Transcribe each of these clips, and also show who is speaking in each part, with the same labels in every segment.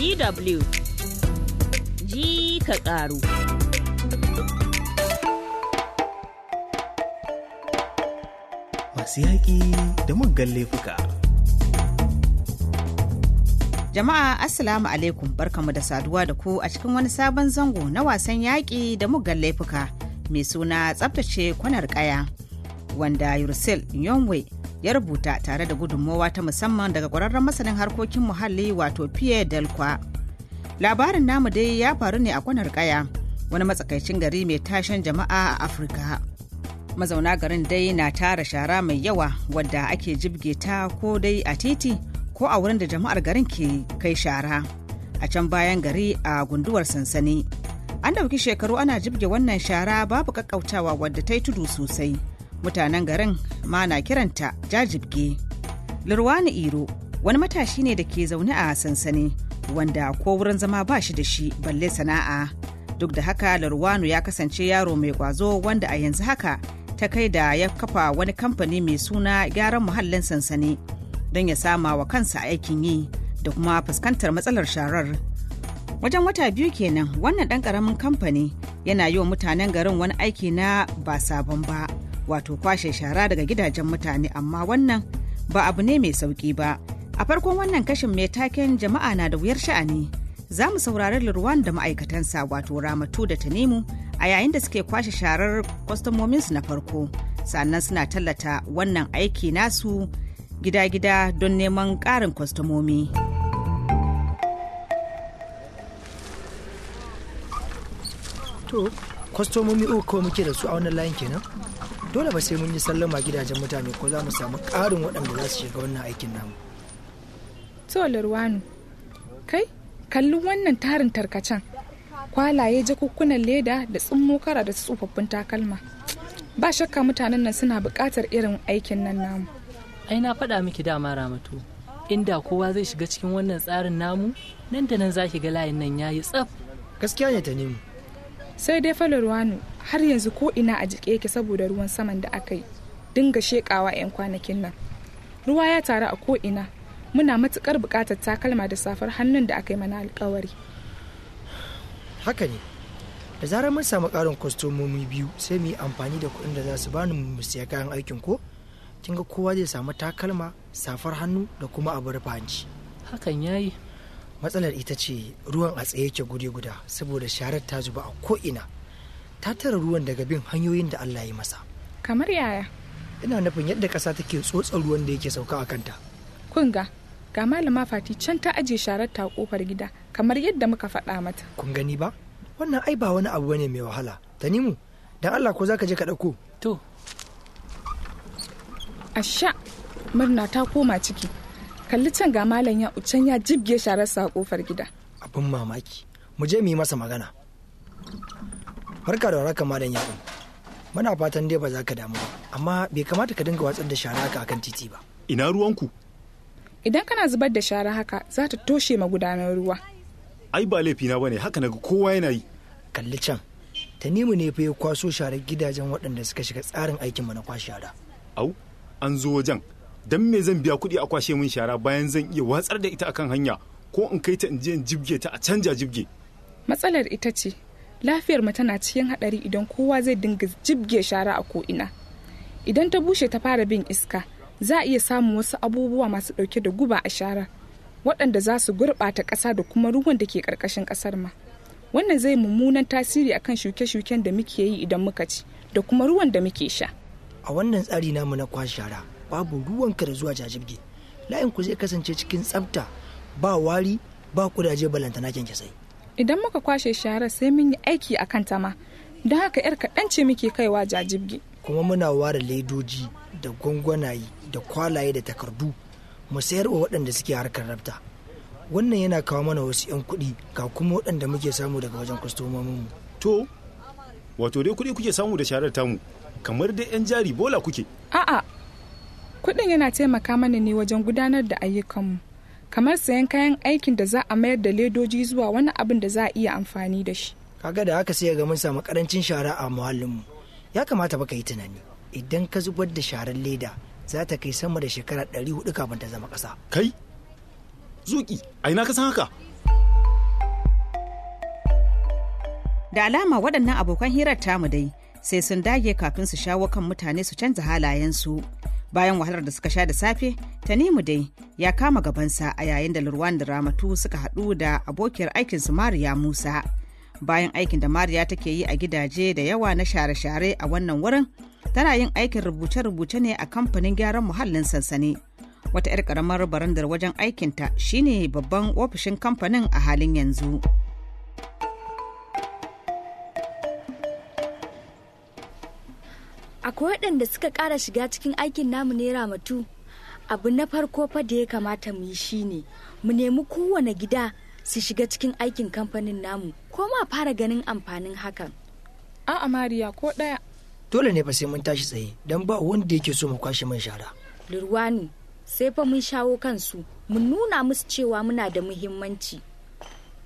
Speaker 1: DW ji ka ƙaru.
Speaker 2: Masu yaƙi da muggan laifuka.
Speaker 3: Jama'a Assalamu alaikum barkamu da saduwa da ku a cikin wani sabon zango na wasan yaƙi da muggan laifuka mai suna tsabtace kwanar ƙaya wanda Yursel Yonwe ya rubuta tare da gudunmowa ta musamman daga ƙwararren masanin harkokin muhalli wato Pierre Delqua. Labarin namu dai ya faru ne a kwanar ƙaya, wani matsakaicin gari mai tashin jama'a a Afirka. Mazauna garin dai na tara shara mai yawa wadda ake jibge ta ko dai a titi ko a wurin da jama'ar garin ke kai shara a can bayan gari a gunduwar sansani. An ɗauki shekaru ana jibge wannan shara babu kakkautawa wadda ta yi tudu sosai. mutanen garin ma na kiranta jajibge lurwani iro wani matashi ne da ke zaune a sansani wanda ko wurin zama ba shi da shi balle sana'a duk da haka lurwanu ya kasance yaro mai kwazo wanda a yanzu haka ta kai da ya kafa wani kamfani mai suna gyaran muhallin sansani don ya sama wa kansa aikin yi da kuma fuskantar matsalar sharar wajen wata biyu kenan wannan ɗan ƙaramin kamfani yana yi wa mutanen garin wani aiki na ba sabon ba wato kwashe shara daga gidajen mutane amma wannan ba abu ne mai sauki ba a farkon wannan kashin mai taken jama'a na da wuyar sha'ani za mu saurari lurwan da ma'aikatansa wato ramatu da tanimu a yayin da suke kwashe sharar kwastomominsu na farko sannan suna tallata wannan aiki nasu gida-gida don neman ƙarin kwastomomi.
Speaker 4: to kwastomomi uku muke da su a wannan layin kenan dole ba sai mun yi sallama gidajen mutane ko za mu samu ƙarin waɗanda za su shiga wannan aikin namu to
Speaker 5: lurwanu kai kallon wannan tarin tarkacen kwalaye jakukkunan leda da tsummokara da tsofaffin takalma ba shakka mutanen nan suna buƙatar irin aikin nan namu
Speaker 4: ai na faɗa miki dama ramatu inda kowa zai shiga cikin wannan tsarin namu nan da nan za ki ga layin nan yayi tsaf gaskiya ne ta nemi
Speaker 5: sai dai falar wani har yanzu ko ina a jike yake saboda ruwan saman da aka yi dinga shekawa 'yan kwanakin nan ruwa ya taru a ko ina muna matukar bukatar takalma da safar hannun da aka yi mana alkawari
Speaker 4: haka ne da zarar mun samu karin kwastomomi biyu sai mu yi amfani da kuɗin da za su bani mu siya kayan aikin ko kin ga kowa zai samu takalma safar hannu da kuma abu rufe hanci hakan yayi matsalar ita ce ruwan a tsaye yake guri guda saboda sharar ta zuba a ko'ina ta tara ruwan daga bin hanyoyin da allah ya masa kamar yaya ina nufin yadda ƙasa take tsotsa ruwan da yake sauka a kanta
Speaker 5: kun ga malama fati can ta aje sharar ta kofar gida kamar yadda muka faɗa mata
Speaker 4: kun gani ba wannan ai ba wani abu bane mai wahala tanimu dan allah ko zaka je ka ɗauko to
Speaker 5: asha murna ta koma ciki kalli can ga malam ya uccan ya jibge shararsa a kofar gida
Speaker 4: abin mamaki mu je mu yi masa magana barka da waraka malam ya muna fatan dai ba za ka damu ba amma bai kamata ka dinga watsar da shara haka akan titi ba ina ruwanku
Speaker 5: idan kana zubar da shara haka za ta toshe magudanar ruwa
Speaker 4: ai ba laifi laifina bane haka naga kowa yana yi kalli can ta tanimu ne fa ya kwaso sharar gidajen waɗanda suka shiga tsarin aikin mu na shara
Speaker 2: au an zo wajen dan me zan biya kuɗi a kwashe min shara bayan zan iya watsar da ita akan hanya ko in kai ta in je in jibge ta a canja jibge
Speaker 5: matsalar ita ce lafiyar mu tana cikin haɗari idan kowa zai dinga jibge shara a ko'ina idan ta bushe ta fara bin iska za a iya samun wasu abubuwa masu ɗauke da guba a shara waɗanda za su gurɓata ƙasa da kuma ruwan da ke ƙarƙashin ƙasar ma wannan zai mummunan tasiri akan shuke-shuken da muke yi idan muka ci da kuma ruwan da muke sha
Speaker 4: a wannan tsari namu na kwashara shara babu ruwanka da zuwa jajibge layin ku zai kasance cikin tsafta ba wari ba kudaje balantana kyanke sai
Speaker 5: idan muka kwashe shara sai mun yi aiki a kanta ma
Speaker 4: don haka yar kaɗan ce muke kaiwa jajibge kuma muna ware ledoji da gwangwanaye da kwalaye da takardu mu sayar wa waɗanda suke harkar rabta wannan yana kawo mana wasu 'yan kuɗi ga kuma waɗanda muke samu daga wajen kwastomominmu
Speaker 2: to wato dai kuɗi kuke samu da sharar tamu kamar dai 'yan jari bola kuke
Speaker 5: a'a Kudin yana taimaka mana ne wajen gudanar da ayyukanmu, kamar sayan kayan aikin da za a mayar da ledoji zuwa wani abin da za a iya amfani da shi.
Speaker 4: Kaga da haka sai ga mun samu karancin shara a muhallinmu. Ya kamata baka yi tunani idan ka zubar da sharar leda za ta kai sama da shekara 400 kafin ta zama ƙasa. Kai? Zuki,
Speaker 2: a ina ka san haka?
Speaker 4: Da
Speaker 3: alama waɗannan abokan hirar tamu dai sai sun dage kafin su shawo kan mutane su canza halayensu. su. bayan wahalar da suka sha da safe tanimu dai ya kama gabansa a yayin da lurwan da ramatu suka haɗu da abokiyar aikinsu mariya musa bayan aikin da mariya take yi a gidaje da yawa na share-share a wannan wurin tana yin aikin rubuce-rubuce ne a kamfanin gyaran muhallin sansani wata 'yar karamar barandar wajen aikinta shine babban ofishin kamfanin a halin yanzu.
Speaker 5: akwai waɗanda suka ƙara shiga cikin aikin namu naira ramatu abu na farko fa da ya kamata mu yi shi ne, mu nemi kowane gida su shiga cikin aikin kamfanin namu ko ma fara ganin amfanin hakan a'a mariya ko ɗaya
Speaker 4: dole ne fa sai mun tashi tsaye don ba wanda yake so mu kwashe man shara
Speaker 5: lurwani sai fa mun shawo kansu mu nuna musu cewa muna da muhimmanci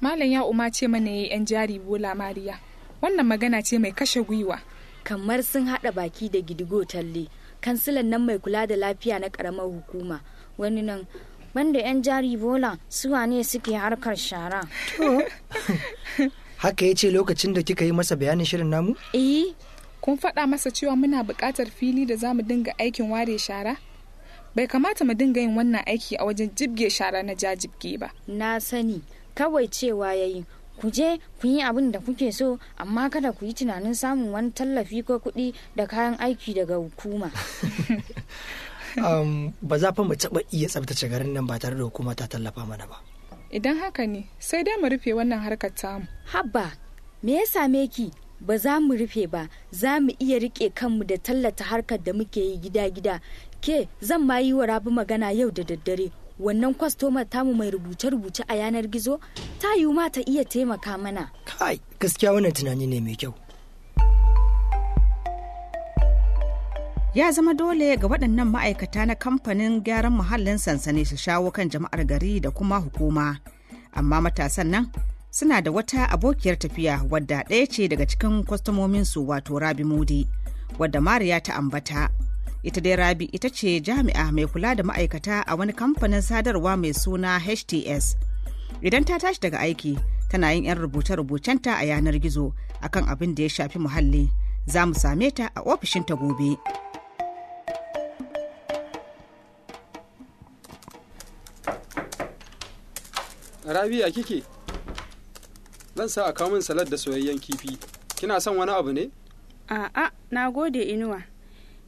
Speaker 5: malam ya umace mana yayi yan jari bola mariya wannan magana ce mai kashe gwiwa kamar sun haɗa baki da gidigo talle kansilan nan mai kula da lafiya na ƙaramar hukuma wani nan banda 'yan jari bola suwa ne suke harkar shara
Speaker 4: haka ya ce lokacin da kika yi masa bayanin shirin namu?
Speaker 5: eh kun faɗa masa cewa muna buƙatar fili da za mu dinga aikin ware shara bai kamata mu dinga yin wannan aiki a wajen jibge shara na jajibge ba na sani kawai cewa ya yi ku je ku yi abin da kuke so amma kada ku yi tunanin samun wani tallafi ko kuɗi da kayan aiki daga hukuma
Speaker 4: um, ba za fa mu taɓa iya tsabtace garin nan ba tare da hukuma ta tallafa mana ba
Speaker 5: idan haka ne sai dai mu rufe wannan harkar tamu habba me ya same ki ba za mu rufe ba za mu iya rike kanmu da tallata harkar da muke yi gida-gida ke zan ma yi wa rabu magana yau da daddare wannan kwastomar tamu mai rubuce-rubuce a yanar gizo ta yiwu ma ta iya taimaka mana.
Speaker 4: Kai, gaskiya wannan tunani ne mai kyau.
Speaker 5: Ya zama dole
Speaker 3: ga waɗannan ma'aikata na kamfanin gyaran muhallin sansani su shawo kan jama'ar gari da kuma hukuma. Amma matasan nan suna da wata abokiyar tafiya wadda ɗaya ce daga cikin kwastomominsu wato Rabi Mudi, wadda Mariya ta ambata. ita dai rabi ita ce jami'a mai kula da ma'aikata a wani kamfanin sadarwa mai suna hts idan ta tashi daga aiki tana yin 'yan rubuce-rubucenta a yanar gizo akan abin da ya shafi muhalli za mu same ta a ofishinta gobe.
Speaker 2: Rabia kike? Zan sa a kamun da soyayyen kifi. Kina son wani abu ne?
Speaker 1: A'a, na gode Inuwa.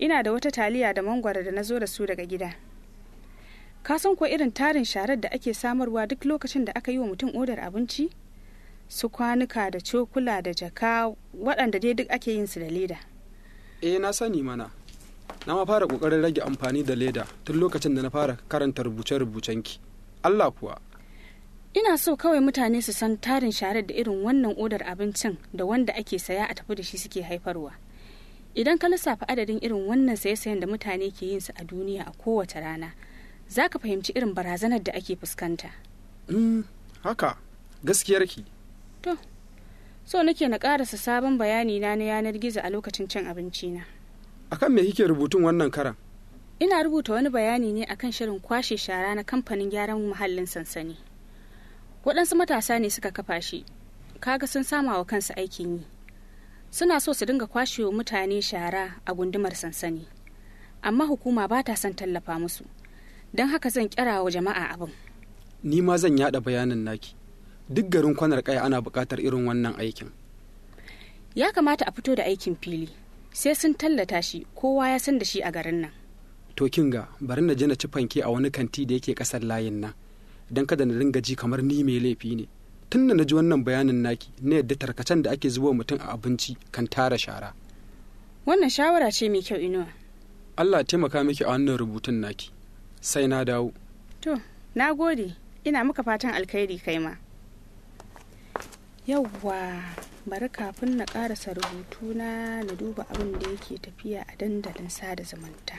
Speaker 1: ina da wata taliya da mangwaro da na zo da su daga gida ka san ko irin tarin sharar da ake samarwa duk lokacin da aka yi wa mutum odar abinci su kwanuka da cokula da jaka waɗanda dai duk ake yin su da leda
Speaker 2: eh na sani mana na ma fara kokarin rage amfani da leda tun lokacin da na fara karanta rubuce-rubucen ki Allah kuwa
Speaker 1: ina so kawai mutane su san tarin sharar da irin wannan odar abincin da wanda ake saya a tafi da shi suke haifarwa idan ka lissafa adadin irin wannan saye-sayen da mutane ke yin su a duniya a kowace rana za ka fahimci irin barazanar da ake fuskanta
Speaker 2: mm, haka gaskiyar ki
Speaker 1: to so nake na karasa sabon bayani na na yanar gizo a lokacin cin abinci na
Speaker 2: akan me kike rubutun wannan karan
Speaker 1: ina rubuta wani bayani ne akan shirin kwashe shara na kamfanin gyaran muhallin sansani waɗansu matasa ne suka kafa shi kaga sun sama wa kansu aikin yi suna so su dinga kwashe mutane shara a gundumar sansani amma hukuma ba ta son tallafa musu don haka zan kira wa jama'a abin
Speaker 2: ni ma zan yada bayanin naki duk garin kwanar kaya ana bukatar irin wannan aikin
Speaker 1: ya kamata a fito da aikin fili sai sun tallata shi kowa ya san da shi a garin nan
Speaker 2: to ga bari na je na ci fanke a wani kanti da yake ƙasar layin nan don kada na dinga ji kamar ni mai laifi ne tun da na ji wannan bayanin naki na yadda tarkacen da ake zuba mutum a abinci kan tara shara
Speaker 1: wannan shawara ce mai kyau inuwa
Speaker 2: allah taimaka miki a wannan rubutun naki sai na dawo
Speaker 1: to na gode ina muka fatan alkhairi kai ma yawwa bari kafin na karasa rubutuna na duba abin da yake tafiya a dandalin sada zumunta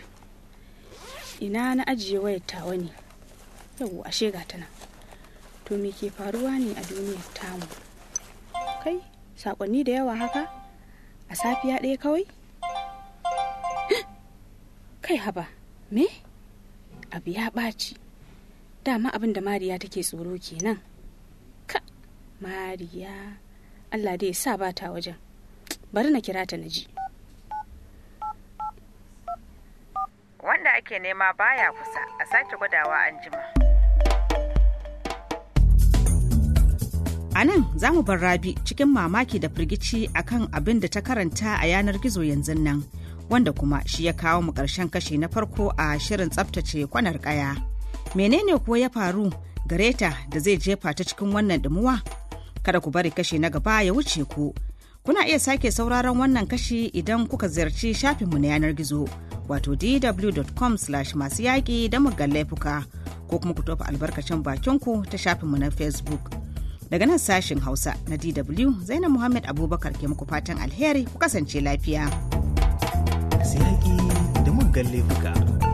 Speaker 1: ina na ajiye wayar tawa ne yawwa ashe ga ta nan to me ke faruwa ne a duniyar tamu kai sakonni da yawa haka a safiya ɗaya kawai kai haba me abu ya ɓaci dama abin da mariya take tsoro kenan ka mariya allah dai sa ba ta wajen bari na kira ta na ji
Speaker 3: wanda ake nema baya kusa a sake gwadawa an jima A nan za mu bar Rabi cikin mamaki da firgici akan abin da ta karanta a yanar gizo yanzu nan, wanda kuma shi ya kawo mu ƙarshen kashi na farko a shirin tsaftace kwanar kaya Menene kuwa ya faru gareta, da zai jefa ta cikin wannan damuwa Kada ku bari kashi na gaba ya wuce ku. Kuna iya sake sauraron wannan kashi idan kuka ziyarci shafinmu na yanar gizo. wato dw.com slash masu yaƙi da muggan laifuka ko kuma ku tofa albarkacin bakinku ta shafinmu na facebook daga nan sashen hausa na dw zainab muhammad abubakar ke muku fatan alheri ku kasance lafiya
Speaker 4: sai da muggan
Speaker 2: laifuka